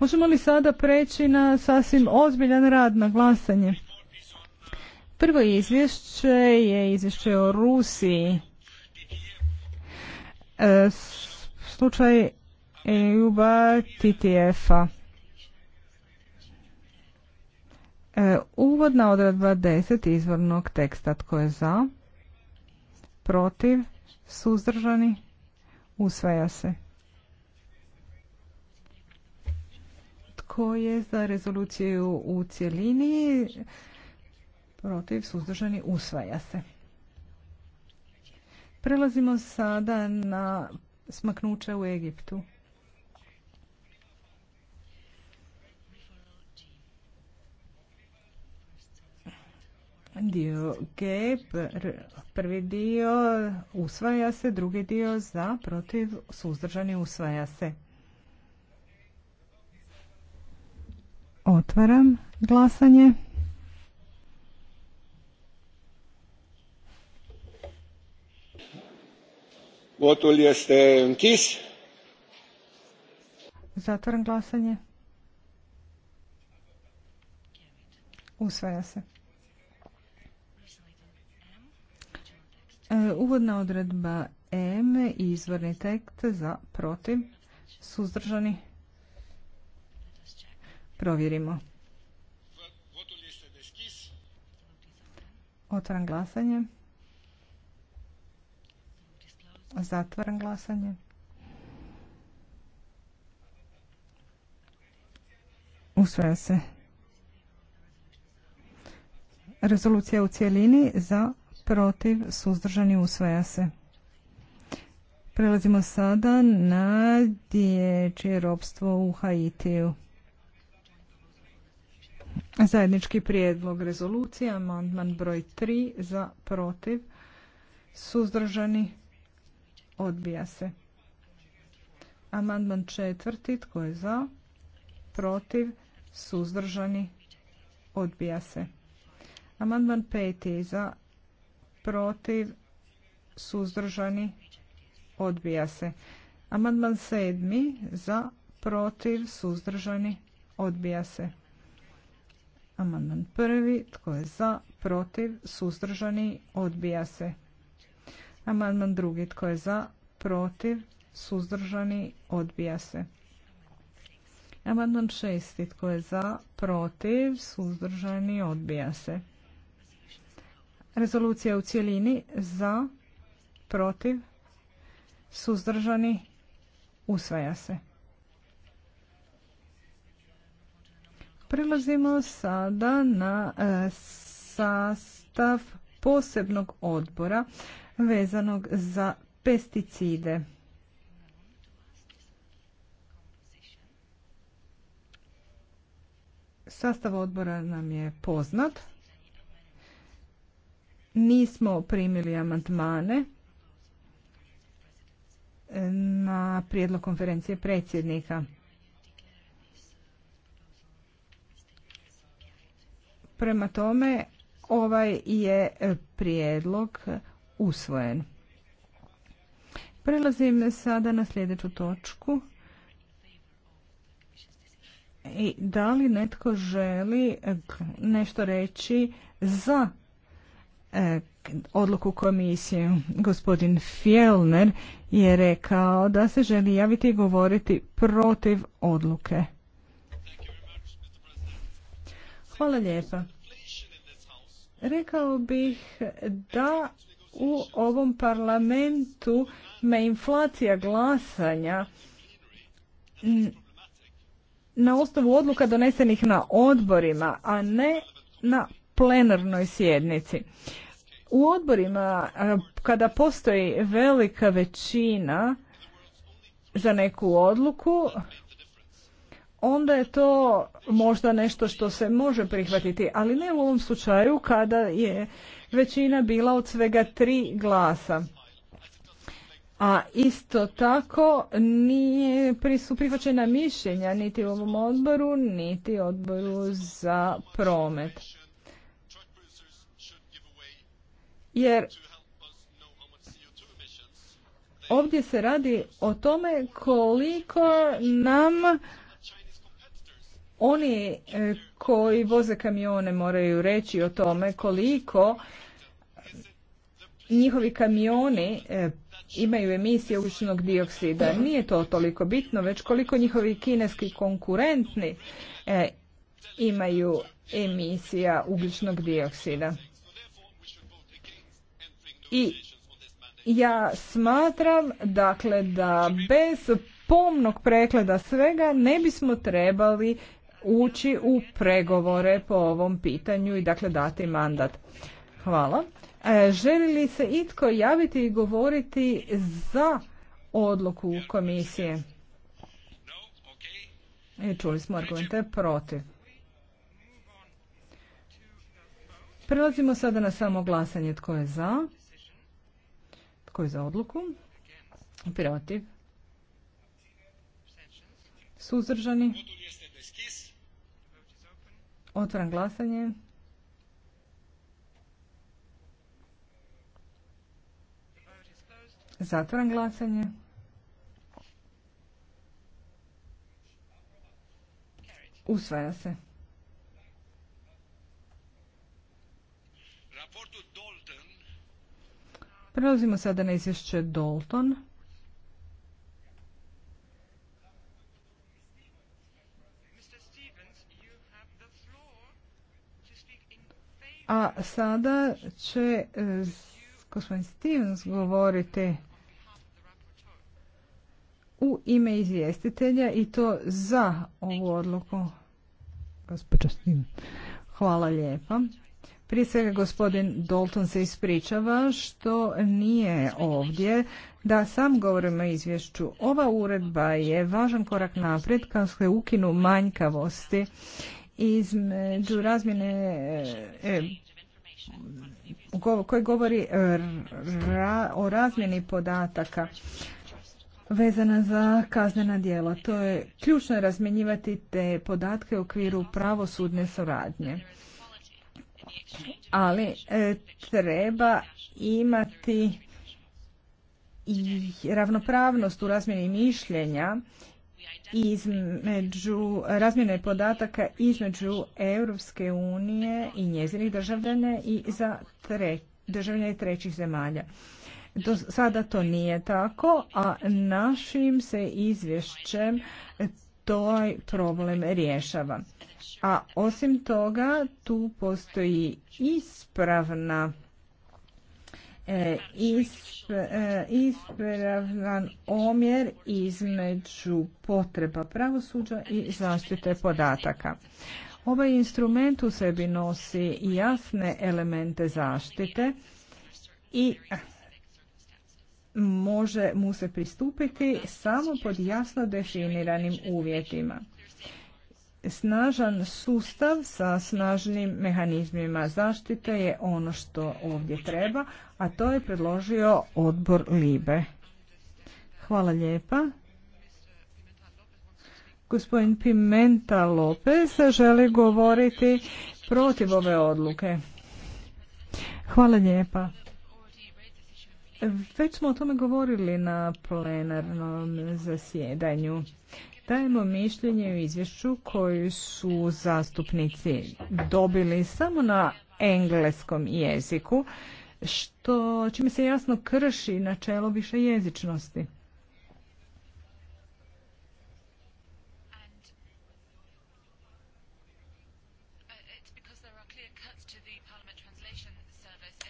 Možemo li sada preći na sasvim ozbiljan rad na glasanje? Prvo izvješće je izvješće o Rusiji. E, slučaj EUBA TTF-a. E, uvodna odredba 10 izvornog teksta. Tko je za? Protiv? Suzdržani? Usvaja se. Tko je za rezoluciju u cjelini? Protiv, suzdržani, usvaja se. Prelazimo sada na smaknuće u Egiptu. Dio G, prvi dio usvaja se, drugi dio za, protiv, suzdržani usvaja se. Otvaram glasanje. Votul este închis. Zatvaram glasanje. Usvaja se. E, uvodna odredba M i izvorni tekst za protiv, suzdržani, Provjerimo. Otvaram glasanje. Zatvaram glasanje. Usvaja se. Rezolucija u cijelini za protiv suzdržani usvaja se. Prelazimo sada na dječje ropstvo u Haitiju. Zajednički prijedlog rezolucije, amandman broj 3 za protiv, suzdržani, odbija se. Amandman četvrti, tko je za, protiv, suzdržani, odbija se. Amandman peti za, protiv, suzdržani, odbija se. Amandman sedmi za, protiv, suzdržani, odbija se. Amandman prvi. Tko je za? Protiv? Suzdržani? Odbija se. Amandman drugi. Tko je za? Protiv? Suzdržani? Odbija se. Amandman šesti. Tko je za? Protiv? Suzdržani? Odbija se. Rezolucija u cijelini, za, protiv, suzdržani, usvaja se. Prelazimo sada na e, sastav posebnog odbora vezanog za pesticide. Sastav odbora nam je poznat. Nismo primili amandmane na prijedlog konferencije predsjednika. Prema tome, ovaj je prijedlog usvojen. Prelazim sada na sljedeću točku. I da li netko želi nešto reći za e, odluku komisije? Gospodin Fjellner je rekao da se želi javiti i govoriti protiv odluke. Hvala lijepa. Rekao bih da u ovom parlamentu me inflacija glasanja na osnovu odluka donesenih na odborima, a ne na plenarnoj sjednici. U odborima, kada postoji velika većina za neku odluku, onda je to možda nešto što se može prihvatiti, ali ne u ovom slučaju kada je većina bila od svega tri glasa. A isto tako nije, su prihvaćena mišljenja niti u ovom odboru, niti odboru za promet. Jer ovdje se radi o tome koliko nam oni e, koji voze kamione moraju reći o tome koliko njihovi kamioni e, imaju emisije ugljičnog dioksida. Nije to toliko bitno, već koliko njihovi kineski konkurentni e, imaju emisija ugljičnog dioksida. I ja smatram dakle da bez pomnog pregleda svega ne bismo trebali ući u pregovore po ovom pitanju i dakle dati mandat. Hvala. E, želi li se itko javiti i govoriti za odluku komisije? I e, čuli smo argumente protiv. Prelazimo sada na samo glasanje. Tko je za? Tko je za odluku? Protiv? Suzdržani? Otvaram glasanje. Zatvaram glasanje. Usvaja se. Prelazimo sada na izvješće Dalton. A sada će e, gospodin Stevens govoriti u ime izvjestitelja i to za ovu odluku. Hvala lijepa. Prije svega gospodin Dalton se ispričava što nije ovdje da sam govorimo o izvješću. Ova uredba je važan korak naprijed kao se ukinu manjkavosti između razmjene e, e, koji govori e, o razmjeni podataka vezana za kaznena djela. To je ključno razmjenjivati te podatke u okviru pravosudne suradnje. Ali treba imati i ravnopravnost u razmjeni mišljenja između razmjene podataka između Europske unije i njezinih državljana i za državljane trećih zemalja. Do sada to nije tako, a našim se izvješćem toj problem rješava. A osim toga tu postoji ispravna ispravan omjer između potreba pravosuđa i zaštite podataka. Ovaj instrument u sebi nosi jasne elemente zaštite i može mu se pristupiti samo pod jasno definiranim uvjetima. Snažan sustav sa snažnim mehanizmima zaštite je ono što ovdje treba, a to je predložio odbor Libe. Hvala lijepa. Gospodin Pimenta Lopez želi govoriti protiv ove odluke. Hvala lijepa. Već smo o tome govorili na plenarnom zasjedanju dajemo mišljenje u izvješću koju su zastupnici dobili samo na engleskom jeziku, što čime se jasno krši načelo više jezičnosti.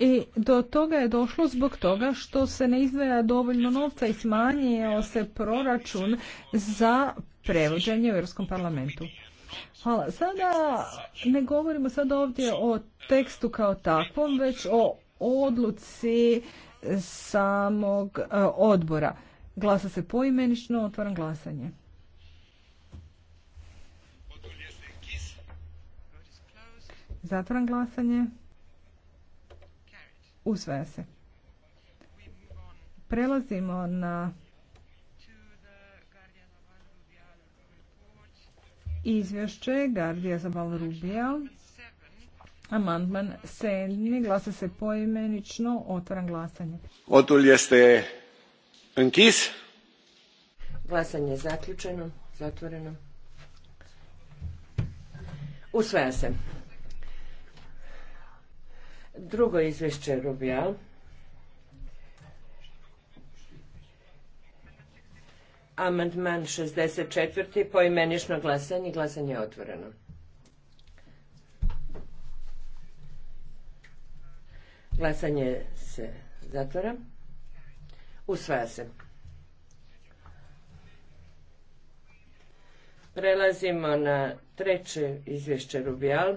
I do toga je došlo zbog toga što se ne izdvaja dovoljno novca i smanjio se proračun za prevođenje u Europskom parlamentu. Hvala. Sada ne govorimo sada ovdje o tekstu kao takvom, već o odluci samog e, odbora. Glasa se poimenično, otvaram glasanje. Zatvaram glasanje. Usvaja se. Prelazimo na izvješće Gardija za Valrubija. Amandman sedmi. Glasa se poimenično. Otvaram glasanje. Otul jeste enkis. Glasanje je zaključeno, zatvoreno. Usvaja se. Drugo izvješće Rubijal. Amandman 64. poimenično glasanje. Glasanje je otvoreno. Glasanje se zatvara. Usvaja se. Prelazimo na treće izvješće Rubijal.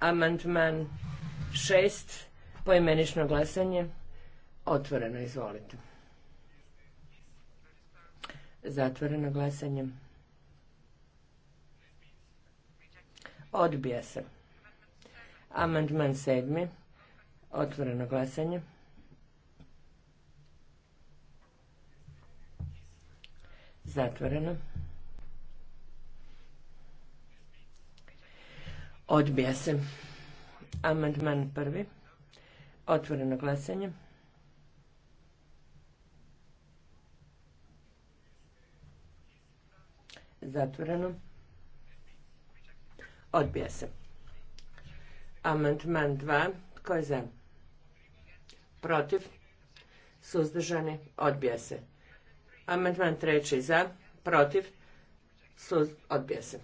Amandman šest, poimenično glasanje, otvoreno, izvolite. Zatvoreno glasanje. Odbija se. Amandman sedmi. Otvoreno glasanje. Zatvoreno. Odbija se. Amandman prvi. Otvoreno glasanje. Zatvoreno. Odbija se. Amandman dva. Tko je za? Protiv? Suzdržani? Odbija se. Amandman 3. Za? Protiv? Suz... Odbija se.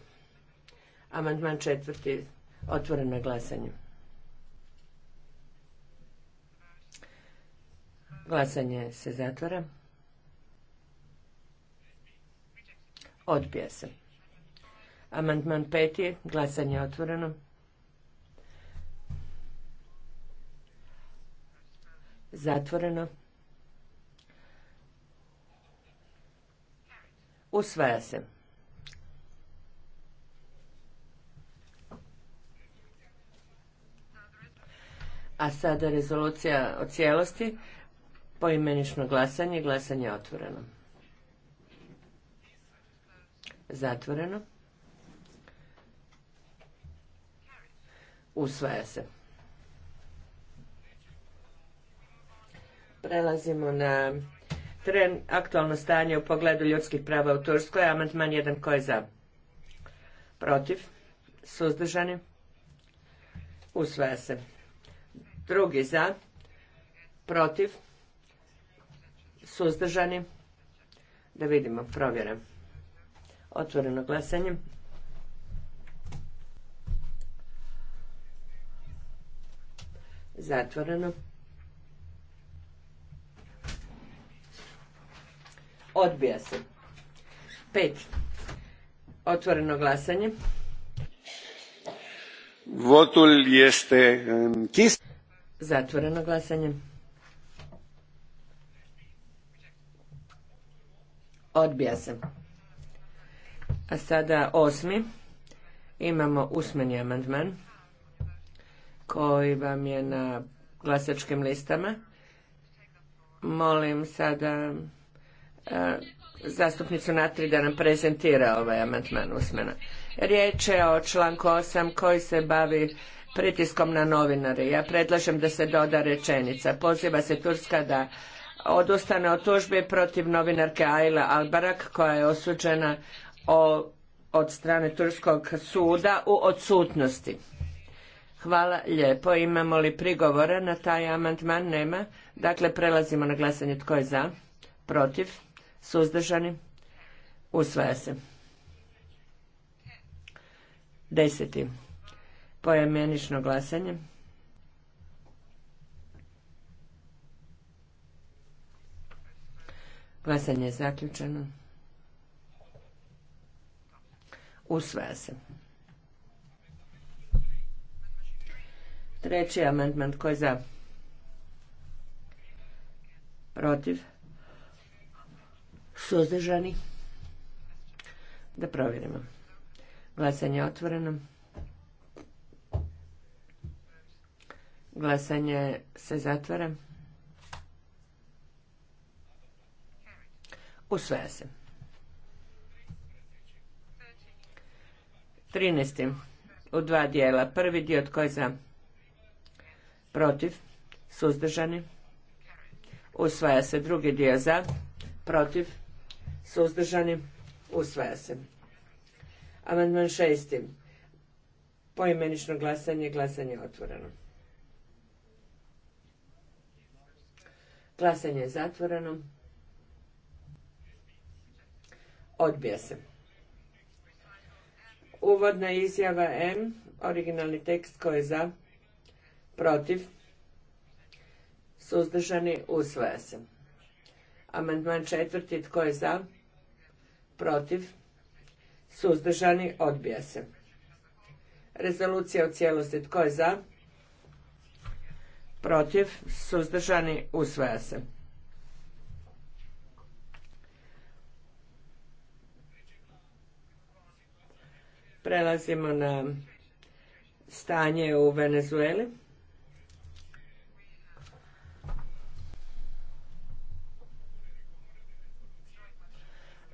Amandman 4. Otvoreno glasanje. Glasanje se zatvara. Odbija se. Amandman peti. Glasanje je otvoreno. Zatvoreno. Usvaja se. A sada rezolucija o cijelosti. Poimenično glasanje, glasanje je otvoreno. Zatvoreno. Usvaja se. Prelazimo na tren aktualno stanje u pogledu ljudskih prava u Turskoj. Amandman 1 ko je za? Protiv? Suzdržani? Usvaja se. Drugi za? Protiv? Suzdržani? Da vidimo, provjera. Otvoreno glasanje. Zatvoreno. Odbija se. Pet. Otvoreno glasanje. Votul jeste kis. Zatvoreno glasanje. Odbija se. A sada osmi. Imamo usmeni amandman koji vam je na glasačkim listama. Molim sada e, zastupnicu Natri da nam prezentira ovaj amandman usmena. Riječ je o članku 8 koji se bavi pritiskom na novinare. Ja predlažem da se doda rečenica. Poziva se Turska da odustane od tužbe protiv novinarke Aile Albarak koja je osuđena od strane Turskog suda u odsutnosti. Hvala lijepo. Imamo li prigovora na taj amandman? Nema. Dakle, prelazimo na glasanje. Tko je za? Protiv? Suzdržani? Usvaja se. Deseti. Pojamenično glasanje. Glasanje je zaključeno. Usvaja se. Treći amandman, tko je za? Protiv? Suzdržani? Da provjerimo. Glasanje je otvoreno. Glasanje se zatvara. Usvaja se. 13. U dva dijela. Prvi dio tko je za? Protiv. Suzdržani. Usvaja se. Drugi dio za? Protiv. Suzdržani. Usvaja se. Amandman šesti. Poimenično glasanje. Glasanje je otvoreno. Glasanje je zatvoreno. Odbija se. Uvodna izjava M, originalni tekst koji je za, protiv, suzdržani, usvaja se. Amandman četvrti, tko je za, protiv, suzdržani, odbija se. Rezolucija u cijelosti, tko je za, protiv, suzdržani, usvaja se. Prelazimo na stanje u Venezueli.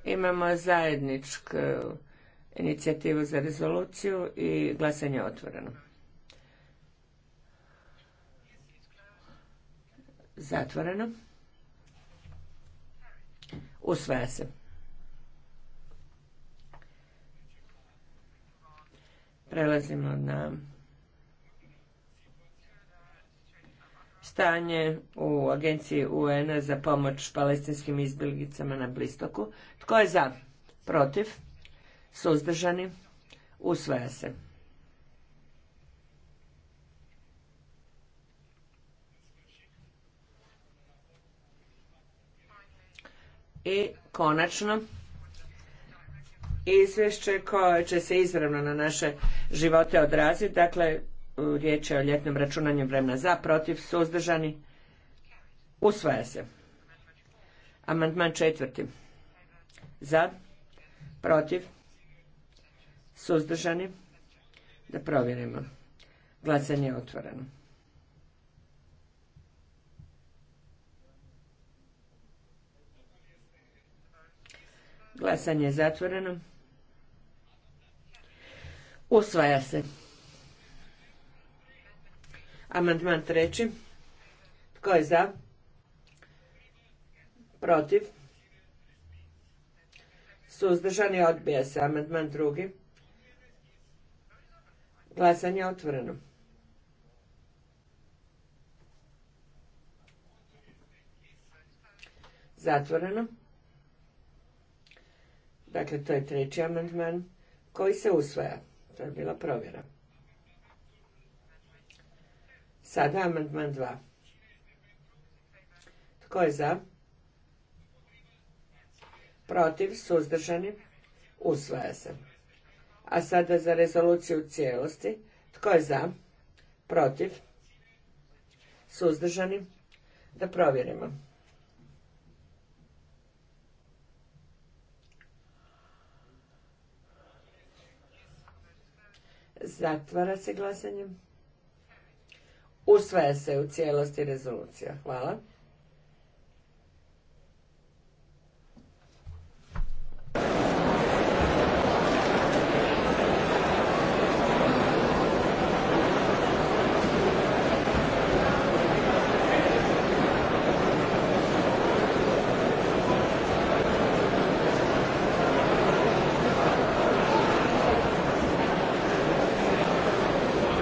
Imamo zajedničku inicijativu za rezoluciju i glasanje otvoreno. Zatvoreno. Usvaja se. Prelazimo na stanje u agenciji UN-a za pomoć palestinskim izbjeglicama na Blistoku. Tko je za? Protiv? Suzdržani? Usvaja se. I konačno izvješće koje će se izravno na naše živote odraziti. Dakle, riječ je o ljetnom računanju vremena za, protiv, suzdržani. Usvaja se. Amandman četvrti. Za, protiv, suzdržani. Da provjerimo. Glasanje je otvoreno. Glasanje je zatvoreno. Usvaja se. Amandman treći. Tko je za? Protiv? Suzdržani odbija se. Amandman drugi. Glasanje je otvoreno. Zatvoreno. Dakle, to je treći amandman koji se usvaja. To je bila provjera. Sada amandman 2. Tko je za? Protiv, suzdržani, usvaja se. A sada za rezoluciju u cijelosti. Tko je za? Protiv, suzdržani, da provjerimo. Zatvara se glasanje. Usvaja se u cijelosti rezolucija. Hvala.